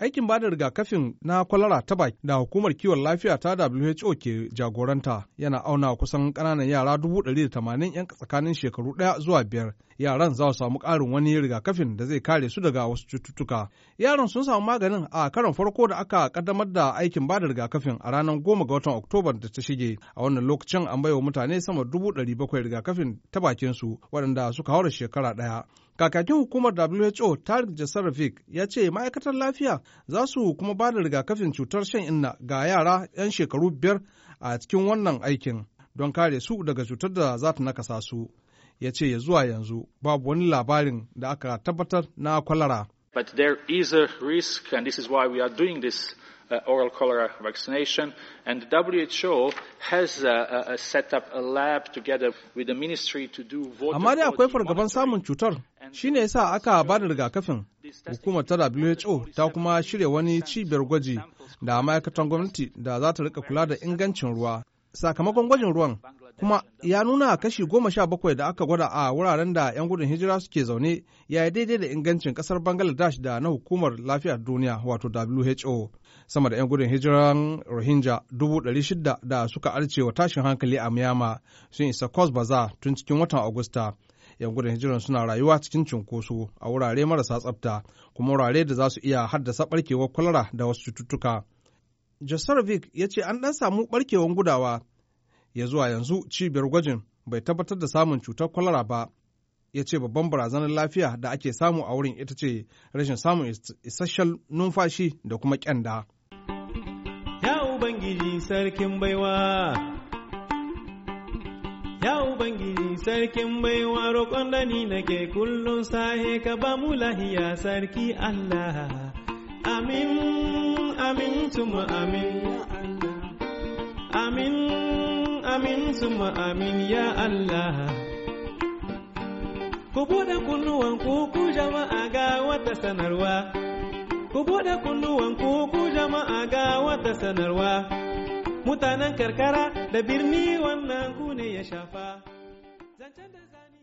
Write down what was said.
Aikin ba da rigakafin na kwalara ta baki da hukumar kiwon lafiya ta WHO ke jagoranta yana auna kusan ƙananan yara 180 'yan tsakanin shekaru ɗaya zuwa biyar. Yaran za su samu ƙarin wani rigakafin da zai kare su daga wasu cututtuka. Yaran sun samu maganin a karon farko da aka kaddamar da aikin ba da rigakafin a ranar goma ga watan Oktoba da ta shige. A wannan lokacin an baiwa mutane sama dubu bakwai rigakafin ta bakinsu waɗanda suka haura shekara ɗaya. Kakakin hukumar WHO Tarik Jasarafic ya ce ma'aikatar lafiya za su kuma ba da rigakafin cutar shan inna ga yara 'yan shekaru biyar a cikin wannan aikin don kare su daga cutar da za ta nakasa su. Ya ce ya zuwa yanzu babu wani labarin da aka tabbatar na kwalara. But there is a risk, and this is why we are doing this uh, oral cholera vaccination. And WHO has set up a lab together with the ministry to do water Amma dai akwai fargaban samun cutar, yasa aka ba da rigakafin. Hukumar ta WHO ta kuma shirya wani cibiyar gwaji da ma'aikatan gwamnati da za ta rika kula da ingancin ruwa sakamakon gwajin ruwan kuma ya nuna kashi goma sha bakwai da aka gwada a wuraren da 'yan gudun hijira suke zaune ya yi daidai da ingancin kasar bangladesh da na hukumar lafiyar duniya wato who sama da 'yan gudun hijiran rohingya dubu ɗari shida da suka arce wa tashin hankali a miyama sun isa coast baza tun cikin watan agusta 'yan gudun hijiran suna rayuwa cikin cunkoso a wurare marasa tsabta, kuma wurare da za su iya haddasa barkewar kwalara da wasu cututtuka Jasarovic ya ce an ɗan samu ɓarkewan gudawa ya zuwa yanzu cibiyar gwajin bai tabbatar da samun cutar kwalara ba ya ce babban barazanar lafiya da ake samu a wurin ita ce rashin samun isasshen numfashi da kuma kyanda. Ya Ubangiji sarkin baiwa Ya Ubangiji sarkin baiwa roƙon da ni nake kullum sahe ka ba mu lahiya sarki Allah. Amin, amin, tuma amin. Amin, amin, tuma amin, ya Allah. Ku buɗe kunnuwan ku jama'a ga wata sanarwa. Ku buɗe kunnuwan ku jama'a ga wata sanarwa. Mutanen karkara da birni wannan ku ne ya shafa. Zancen da zani.